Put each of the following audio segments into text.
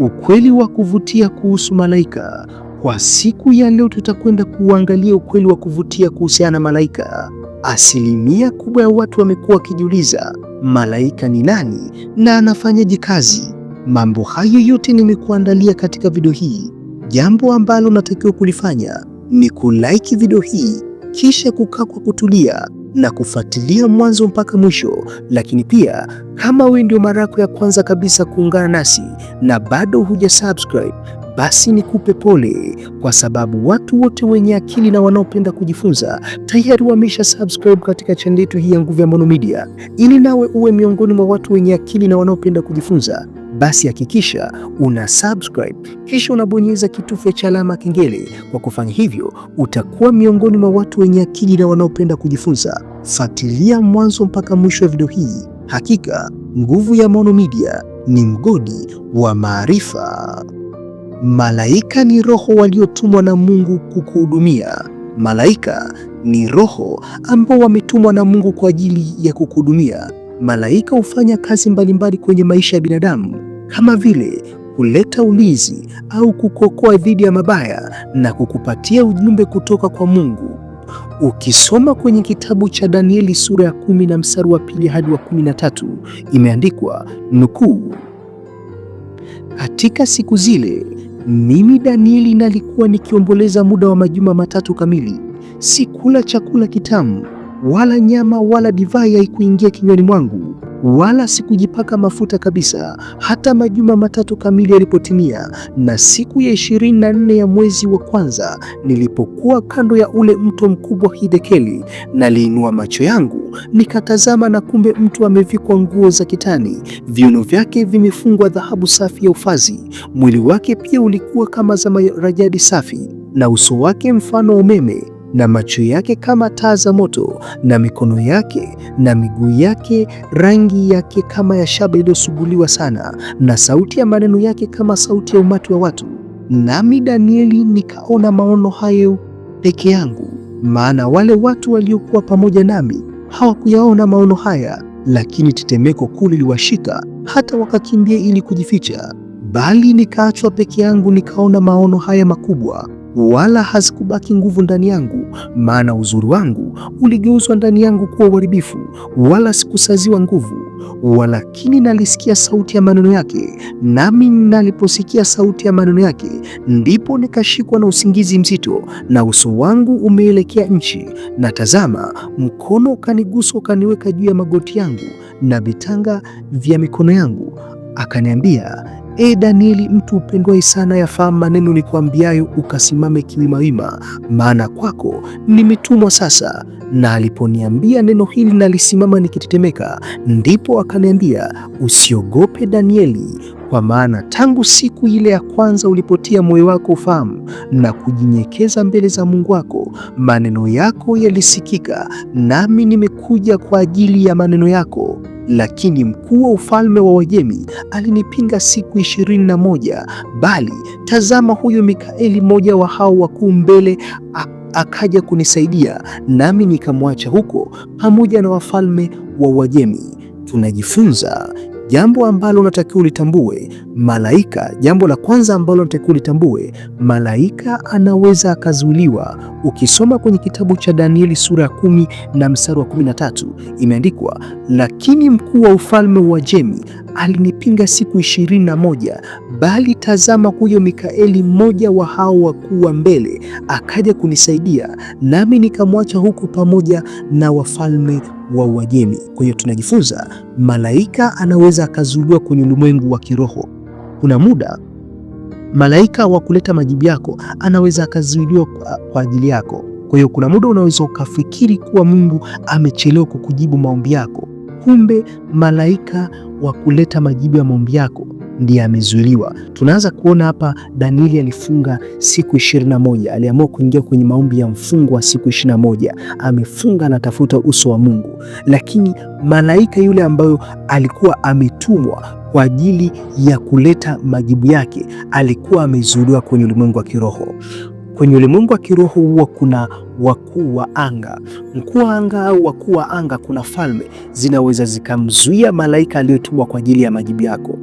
Ukweli wa kuvutia kuhusu malaika. Kwa siku ya leo, tutakwenda kuangalia ukweli wa kuvutia kuhusiana na malaika. Asilimia kubwa ya watu wamekuwa wakijiuliza malaika ni nani na anafanyaje kazi. Mambo hayo yote nimekuandalia katika video hii. Jambo ambalo natakiwa kulifanya ni kulaiki video hii, kisha kukaa kwa kutulia na kufuatilia mwanzo mpaka mwisho. Lakini pia kama wewe ndio mara yako ya kwanza kabisa kuungana nasi na bado huja subscribe, basi nikupe pole, kwa sababu watu wote wenye akili na wanaopenda kujifunza tayari wamesha subscribe katika chaneli yetu hii ya Nguvu ya Maono Media, ili nawe uwe miongoni mwa watu wenye akili na wanaopenda kujifunza basi hakikisha una subscribe kisha unabonyeza kitufe cha alama kengele. Kwa kufanya hivyo, utakuwa miongoni mwa watu wenye akili na wanaopenda kujifunza. Fuatilia mwanzo mpaka mwisho wa video hii. Hakika nguvu ya Maono Media ni mgodi wa maarifa. Malaika ni roho waliotumwa na Mungu kukuhudumia. Malaika ni roho ambao wametumwa na Mungu kwa ajili ya kukuhudumia. Malaika hufanya kazi mbalimbali kwenye maisha ya binadamu kama vile kuleta ulinzi au kukokoa dhidi ya mabaya na kukupatia ujumbe kutoka kwa Mungu. Ukisoma kwenye kitabu cha Danieli sura ya kumi na mstari wa pili hadi wa kumi na tatu imeandikwa nukuu, katika siku zile mimi Danieli nalikuwa nikiomboleza muda wa majuma matatu kamili, sikula chakula kitamu wala nyama wala divai haikuingia kinywani mwangu, wala sikujipaka mafuta kabisa, hata majuma matatu kamili yalipotimia, na siku ya ishirini na nne ya mwezi wa kwanza, nilipokuwa kando ya ule mto mkubwa Hidekeli, naliinua macho yangu nikatazama, na kumbe mtu amevikwa nguo za kitani, viuno vyake vimefungwa dhahabu safi ya ufazi, mwili wake pia ulikuwa kama za marajadi safi, na uso wake mfano umeme na macho yake kama taa za moto, na mikono yake na miguu yake, rangi yake kama ya shaba iliyosuguliwa sana, na sauti ya maneno yake kama sauti ya umati wa watu. Nami Danieli nikaona maono hayo peke yangu, maana wale watu waliokuwa pamoja nami hawakuyaona maono haya, lakini tetemeko kuu liliwashika hata wakakimbia ili kujificha. Bali nikaachwa peke yangu, nikaona maono haya makubwa wala hazikubaki nguvu ndani yangu, maana uzuri wangu uligeuzwa ndani yangu kuwa uharibifu, wala sikusaziwa nguvu. Walakini nalisikia sauti ya maneno yake, nami naliposikia sauti ya maneno yake, ndipo nikashikwa na usingizi mzito, na uso wangu umeelekea nchi. Na tazama, mkono ukanigusa, ukaniweka juu ya magoti yangu na vitanga vya mikono yangu, akaniambia E Danieli, mtu upendwai sana, yafahamu maneno kuambiayo ukasimame kiwimawima, maana kwako nimetumwa sasa. Na aliponiambia neno hili, nalisimama nikitetemeka. Ndipo akaniambia, usiogope Danieli, kwa maana tangu siku ile ya kwanza ulipotia moyo wako ufahamu na kujinyekeza mbele za Mungu wako, maneno yako yalisikika, nami nimekuja kwa ajili ya maneno yako. Lakini mkuu wa ufalme wa wajemi alinipinga siku ishirini na moja. Bali tazama, huyo Mikaeli, mmoja wa hao wakuu mbele akaja kunisaidia, nami nikamwacha huko pamoja na wafalme wa wajemi Tunajifunza Jambo ambalo unatakiwa ulitambue, malaika, jambo la kwanza ambalo unatakiwa ulitambue, malaika anaweza akazuiliwa. Ukisoma kwenye kitabu cha Danieli sura ya kumi na mstari wa 13 imeandikwa, lakini mkuu wa ufalme wa Jemi alinipinga siku ishirini na moja bali tazama, huyo Mikaeli mmoja wa hao wakuu wa mbele akaja kunisaidia, nami nikamwacha huko pamoja na wafalme wa Uajemi. Kwa hiyo tunajifunza malaika anaweza akazuliwa kwenye ulimwengu wa kiroho. Kuna muda malaika wa kuleta majibu yako anaweza akazuiliwa kwa ajili yako. Kwa hiyo kuna muda unaweza ukafikiri kuwa Mungu amechelewa kukujibu maombi yako, kumbe malaika wa kuleta majibu ya maombi yako ndiye amezuiliwa. Tunaanza kuona hapa Danieli alifunga siku 21, aliamua kuingia kwenye maombi ya mfungo wa siku 21, amefunga anatafuta uso wa Mungu, lakini malaika yule ambayo alikuwa ametumwa kwa ajili ya kuleta majibu yake alikuwa amezuiliwa kwenye ulimwengu wa kiroho. Kwenye ulimwengu wa kiroho huwa kuna wakuu wa anga, mkuu wa anga au wakuu wa anga, kuna falme zinaweza zikamzuia malaika aliyotumwa kwa ajili ya majibu yako.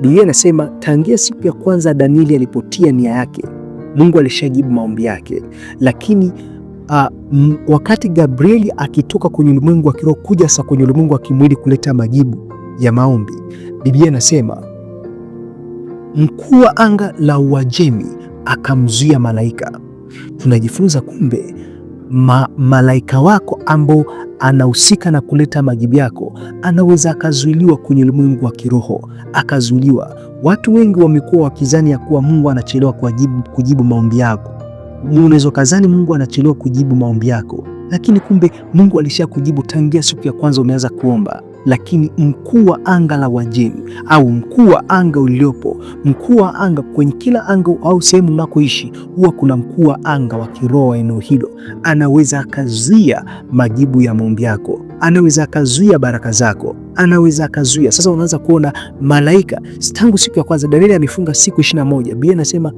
Biblia inasema tangia siku ya kwanza Danieli alipotia nia yake, Mungu alishajibu maombi yake, lakini Uh, m, wakati Gabrieli akitoka kwenye ulimwengu wa kiroho kuja sasa kwenye ulimwengu wa kimwili kuleta majibu ya maombi, Biblia inasema mkuu wa anga la Uajemi akamzuia malaika. Tunajifunza kumbe ma, malaika wako ambao anahusika na kuleta majibu yako, anaweza akazuiliwa kwenye ulimwengu wa kiroho, akazuiliwa. Watu wengi wamekuwa wakizani ya kuwa Mungu anachelewa kujibu, kujibu maombi yako. Unaweza kazani Mungu anachelewa kujibu maombi yako, lakini kumbe Mungu alisha kujibu tangia siku ya kwanza umeanza kuomba lakini mkuu wa anga la Uajemi au mkuu wa anga uliopo, mkuu wa anga kwenye kila anga au sehemu unakoishi, huwa kuna mkuu wa anga wa kiroho wa eneo hilo. Anaweza akazuia majibu ya maombi yako, anaweza akazuia baraka zako, anaweza akazuia. Sasa unaweza kuona malaika tangu siku ya kwanza, Danieli amefunga siku ishirini na moja Biblia inasema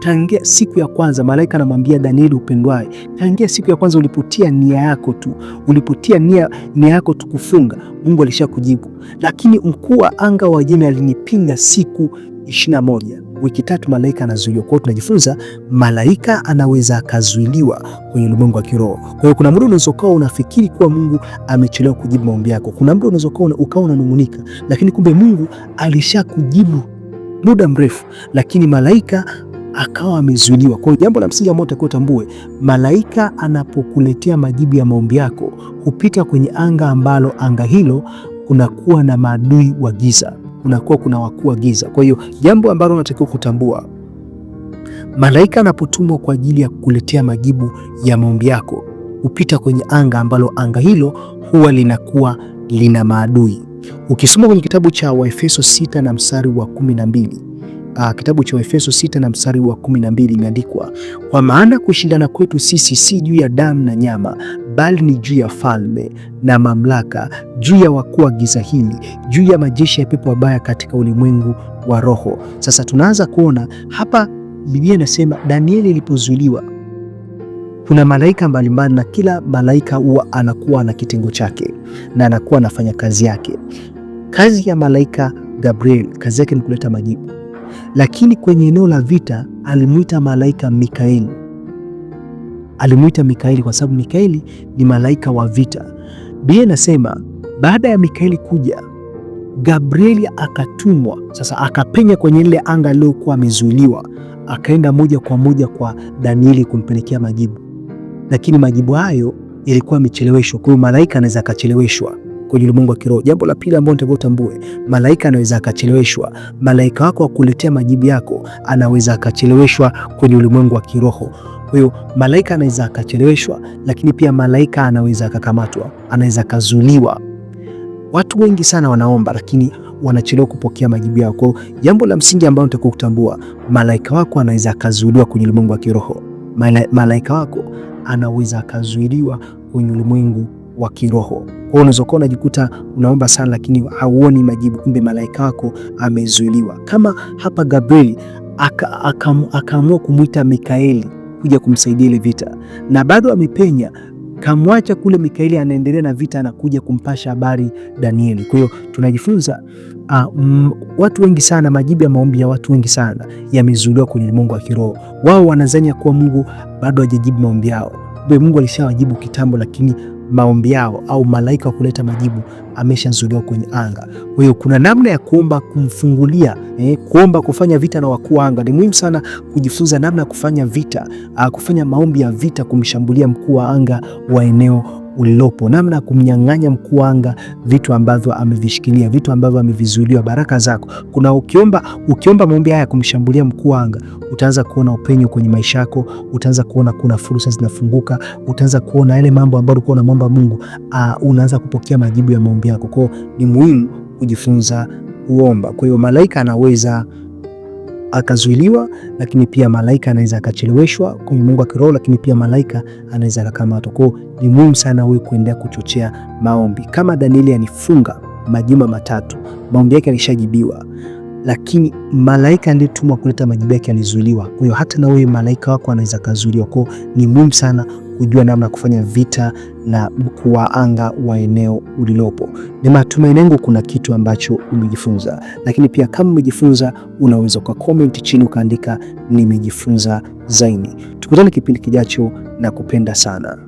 tangia siku ya kwanza malaika anamwambia Danieli upendwaye, tangia siku ya kwanza ulipotia nia yako tu, ulipotia nia, nia yako tu kufunga, Mungu alishakujibu. Lakini mkuu wa anga wa Uajemi alinipinga siku ishirini na moja wiki tatu, malaika anazuiliwa. Kwa hiyo tunajifunza malaika anaweza akazuiliwa kwenye ulimwengu wa kiroho. Kwa hiyo kuna muda unawezokawa unafikiri kuwa Mungu amechelewa kujibu maombi yako, kuna muda unawezokawa ukawa unanung'unika, lakini kumbe Mungu alishakujibu muda mrefu, lakini malaika akawa amezuiliwa. Kwa hiyo jambo la msingi ambao utakiwa utambue, malaika anapokuletea majibu ya maombi yako hupita kwenye anga ambalo anga hilo kunakuwa na maadui wa giza, kunakuwa kuna wakuu wa giza. Kwa hiyo jambo ambalo unatakiwa kutambua, malaika anapotumwa kwa ajili ya kukuletea majibu ya maombi yako hupita kwenye anga ambalo anga hilo huwa linakuwa lina maadui. Ukisoma kwenye kitabu cha Waefeso 6 na mstari wa mbili uh, kitabu cha Efeso 6 na mstari wa 12 imeandikwa, kwa maana kushindana kwetu sisi si juu ya damu na nyama, bali ni juu ya falme na mamlaka, juu ya wakuu wa giza hili, juu ya majeshi ya pepo wabaya katika ulimwengu wa roho. Sasa tunaanza kuona hapa, Biblia inasema Danieli ilipozuiliwa kuna malaika mbalimbali na kila malaika huwa anakuwa na kitengo chake na anakuwa anafanya kazi yake. Kazi ya malaika Gabriel kazi yake ni kuleta majibu lakini kwenye eneo la vita alimwita malaika Mikaeli. Alimwita Mikaeli kwa sababu Mikaeli ni malaika wa vita. Biblia inasema baada ya Mikaeli kuja, Gabrieli akatumwa sasa, akapenya kwenye lile anga aliyokuwa amezuiliwa, akaenda moja kwa moja kwa Danieli kumpelekea majibu, lakini majibu hayo yalikuwa yamecheleweshwa. Kwa hiyo malaika anaweza akacheleweshwa kwenye ulimwengu wa kiroho. Jambo la pili ambalo unatakiwa utambue, malaika anaweza akacheleweshwa. Malaika wako wa kuletea majibu yako anaweza akacheleweshwa kwenye ulimwengu wa kiroho. Kwa hiyo malaika anaweza akacheleweshwa, lakini pia malaika anaweza akakamatwa, anaweza akazuliwa. Watu wengi sana wanaomba lakini wanachelewa kupokea majibu yao. Kwa hiyo jambo la msingi ambalo unatakiwa kutambua, malaika wako anaweza akazuiliwa kwenye ulimwengu wa kiroho. Malaika wako anaweza akazuiliwa kwenye ulimwengu wa kiroho. Kwa hiyo unaweza unajikuta unaomba sana, lakini hauoni majibu, kumbe malaika wako amezuiliwa. Kama hapa Gabriel akaamua aka, aka kumwita Mikaeli kuja kumsaidia ile vita, na bado amepenya kamwacha kule, Mikaeli anaendelea na vita, anakuja kumpasha habari Danieli. Kwa hiyo tunajifunza uh, ah, m, mm, watu wengi sana, majibu ya maombi ya watu wengi sana yamezuiliwa kwenye ulimwengu wa kiroho. Wao wanadhania kuwa Mungu bado hajajibu maombi yao, kumbe Mungu alishawajibu kitambo, lakini maombi yao au malaika wa kuleta majibu ameshazuliwa kwenye anga. Kwa hiyo kuna namna ya kuomba kumfungulia, eh, kuomba kufanya vita na wakuu wa anga. Ni muhimu sana kujifunza namna ya kufanya vita, ah, kufanya maombi ya vita kumshambulia mkuu wa anga wa eneo ulilopo, namna ya kumnyang'anya mkuu anga vitu ambavyo amevishikilia, vitu ambavyo amevizuiliwa, baraka zako. Kuna ukiomba, ukiomba maombi haya kumshambulia mkuu anga, utaanza kuona upenyo kwenye maisha yako, utaanza kuona kuna fursa zinafunguka, utaanza kuona yale mambo ambayo ulikuwa unamwomba Mungu, unaanza kupokea majibu ya maombi yako. Kwao ni muhimu kujifunza kuomba. Kwa hiyo malaika anaweza akazuiliwa, lakini pia malaika anaweza akacheleweshwa kwa Mungu wa kiroho, lakini pia malaika anaweza akakamatwa. Kwa hiyo ni muhimu sana wewe kuendelea kuchochea maombi. Kama Danieli anifunga majuma matatu, maombi yake alishajibiwa lakini malaika aliyetumwa kuleta majibu yake alizuiliwa. Kwa hiyo hata na wewe malaika wako anaweza kazuiliwa. Kwa hiyo ni muhimu sana kujua namna ya kufanya vita na kuwa wa anga wa eneo ulilopo. Ni matumaini yangu kuna kitu ambacho umejifunza, lakini pia kama umejifunza, unaweza kwa comment chini ukaandika nimejifunza zaidi. Tukutane kipindi kijacho na kupenda sana.